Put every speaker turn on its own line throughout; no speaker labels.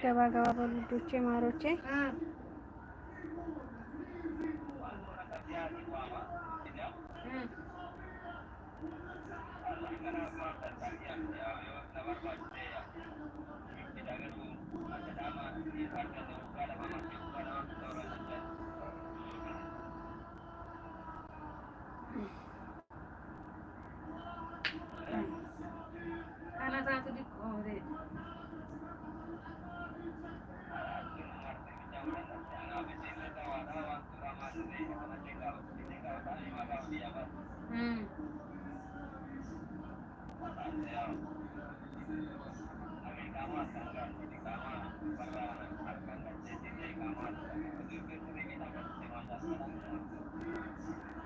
ገባ ገባ በልጆቼ ማሮቼ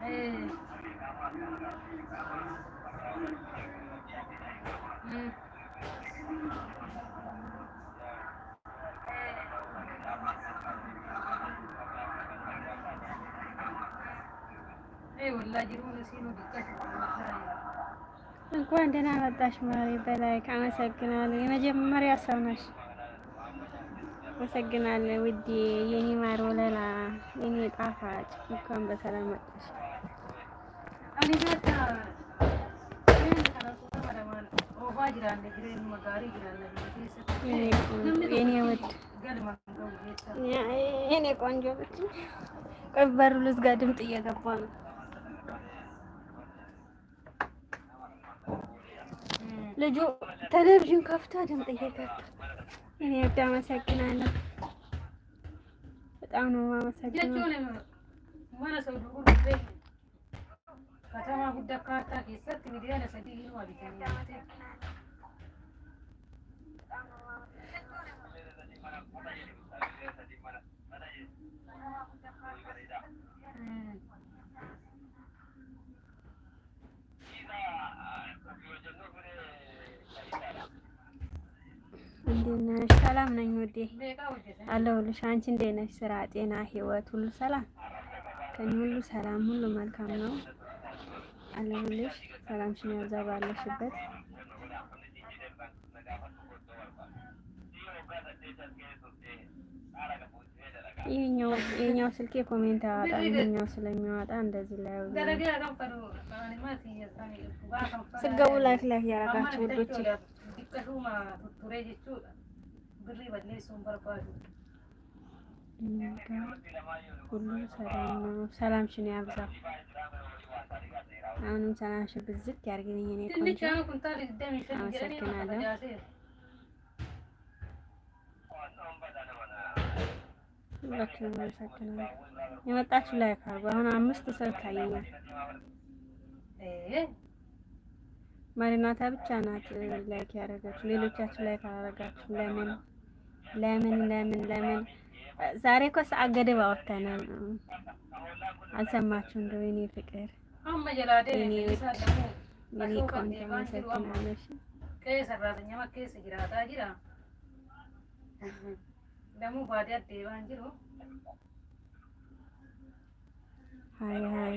Hmm. Eh. Hmm. እንኳን ደህና መጣሽ ማሪ በላይክ አመሰግናለሁ። የመጀመሪያ ሰው ነሽ። አመሰግናለሁ ውዴ፣ የኔ ማር ወለላ፣ የኔ ጣፋጭ እንኳን በሰላም መጣሽ። የኔ ውድ የኔ ቆንጆ ልጅ፣ ቆይ በሩ ልዝጋ፣ ድምፅ እየገባ ነው። ልጁ ቴሌቪዥን ከፍቶ ድምፅ እየገባ እኔ ወደ አመሰግናለሁ። በጣም ነው አመሰግናለሁ። ከተማ ጉዳ ካርታ ኬሰት ሚዲያ ለሰዲ እንዴት ነሽ? ሰላም ነኝ ውዴ አለሁልሽ። አንቺ እንዴት ነሽ? ስራ፣ ጤና፣ ህይወት ሁሉ ሰላም? ከእኔ ሁሉ ሰላም፣ ሁሉ መልካም ነው። አለሁልሽ። ሰላምሽን ያብዛ ባለሽበት። ይሄኛው ስልኬ ኮሜንት አወጣ ይሄኛው ስለሚያወጣ እንደዚህ ላይ ስገቡ ላይክ ላይክ ያደረጋችሁ ውዶች xixiqqashuma turee jechuudha. Birrii balleessuu hin barbaadu. ሁሉም ሰላም ነው። ሰላምሽን ያብዛ። አሁንም ሰላምሽን ብዝት ያርግልኝ። እኔ አመሰግናለሁ። ሁላችሁም አመሰግናለሁ። የመጣችሁ ላይ ካሉ አሁን አምስት ሰው ይታየኛል። ማሪናታ ብቻ ናት ላይክ ያደረጋችሁ። ሌሎቻችሁ ላይክ አላደረጋችሁ። ለምን ለምን ለምን ለምን? ዛሬ እኮ ሰዓት ገደብ አወጣናል። አልሰማችሁ እንደው የኔ ፍቅር ሀይ ሀይ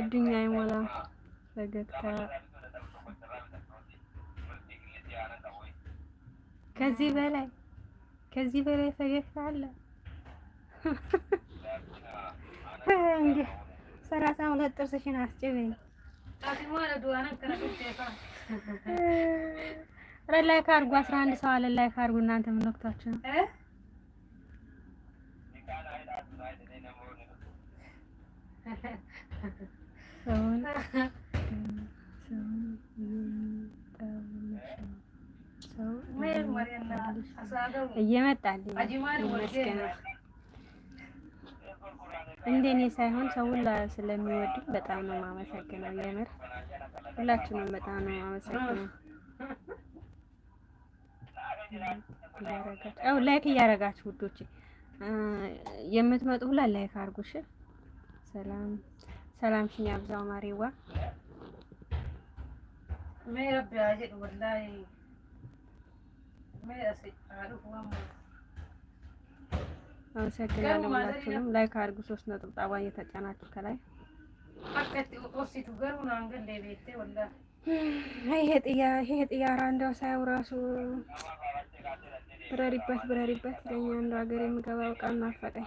እድኛ አይሞላ ፈገግታ ከዚህ በላይ ከዚህ በላይ ፈገግታ አለ። እንዴ ሰላሳ ሁለት ጥርስሽን አስጭበኝ። ኧረ ላይክ አድርጉ። አስራ አንድ ሰው አለ። ላይክ አድርጉ እናንተ ምልክታችሁ ነው። ሰውን እየመጣልኝ ይመስገን። እንደኔ ሳይሆን ሰውን ስለሚወዱ በጣም ነው የማመሰግነው። የምር ሁላችንም በጣም ነው የማመሰግነው። ያው ላይክ እያደረጋችሁ ውዶች የምትመጡ ሁላ ላይክ አድርጉሽ። ሰላም ሰላም ሽን ያብዛው ማሪዋ አመሰግናለሁ። ሁላችሁንም ላይክ አድርጉ። ሶስት ነጥብጣቧን የተጫናችሁ ከላይ ይሄ ጥያራ እንደው ሳየው ራሱ ብረሪበት ብረሪበት ለኛ እንደው ሀገር የምገባው ቃል ናፈቀኝ።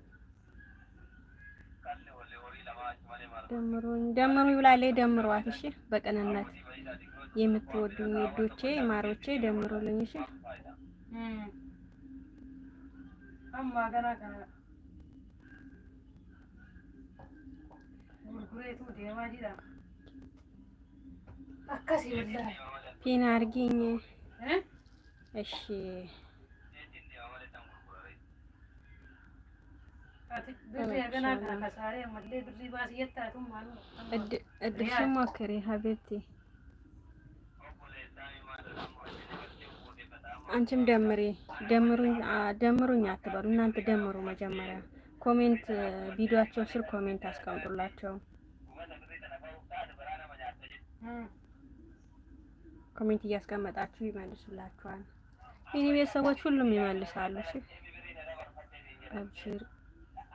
ደምሩኝ ደምሩኝ ብላለች። ደምሯት እሺ፣ በቅንነት የምትወዱኝ ውዶቼ ማሮቼ ደምሩልኝ እሺ። ፒን አድርጊኝ እሺ። እድልሽን ሞክሪ ሀቢብቲ። አንቺም ደምሪ። ደምሩኝ አትበሉ እናንተ ደምሩ። መጀመሪያ ኮሜንት ቪዲዮቸው ስር ኮሜንት አስቀምጡላቸው። ኮሜንት እያስቀመጣችሁ ይመልሱላችኋል። የእኔ ቤተሰቦች ሁሉም ይመልሳሉ። እሺ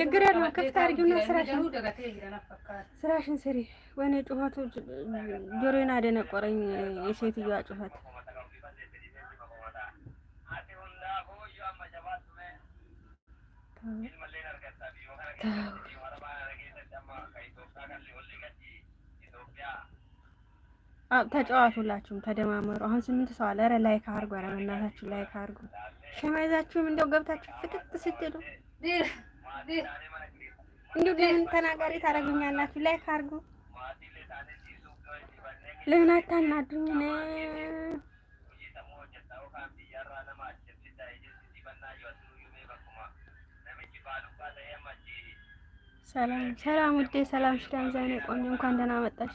ችግር ያለው ክፍት አድርጊውና ስራሽን ስሪ። ወይኔ ጩኸቱ ጆሮዬን አደነቆረኝ። የሴትዮዋ ጩኸት ተው ተጫዋቱላችሁም ተደማመሩ። አሁን ስምንት ሰው አለ። ኧረ ላይክ አድርጉ፣ ኧረ በእናታችሁ ላይክ አድርጉ። ሸማይዛችሁም እንደው ገብታችሁ ፍጥጥ ስትሉ እንዲሁ ግን ተናጋሪ ታደርጉኛላችሁ? ላይክ አድርጉ። ለምን አታናዱኝ? ሰላም ሰላም፣ ውዴ ሰላም ሽዳም ዛኔ ቆንጆ እንኳን ደህና መጣሽ።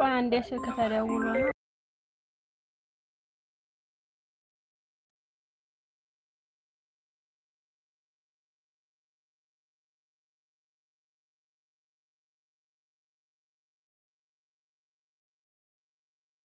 ቆይ አንዴ ስልክ ተደውሎ ነው